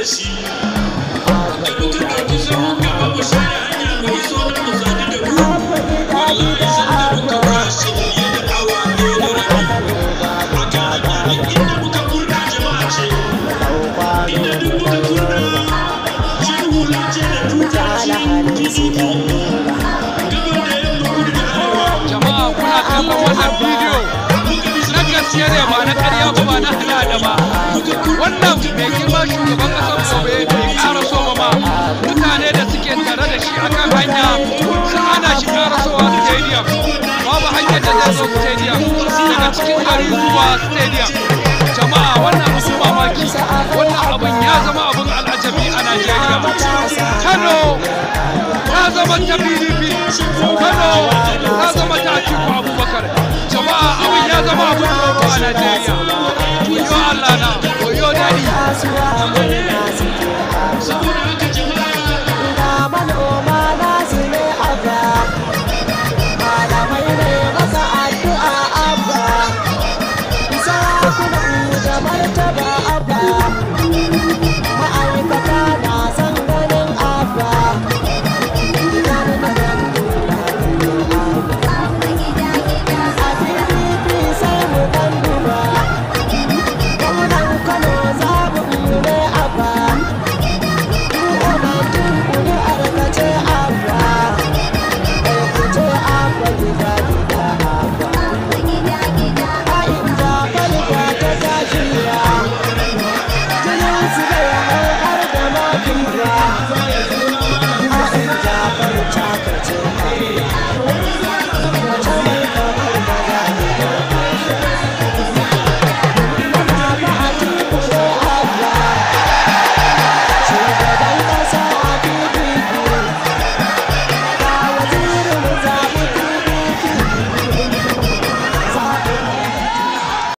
da shi karutun da ku na da a da da ba na ƙarya ba na hada da ba girma shugaban ƙasar gobe bai ƙara so ba mutane da suke tare da shi akan hanya sun hana shi ƙarasowa stadium babu hanyar da zai zo stadium daga cikin gari zuwa stadium jama'a wannan abu mamaki wannan abin ya zama abin al'ajabi a najeriya kano ta zama ta pdp kano kasuwa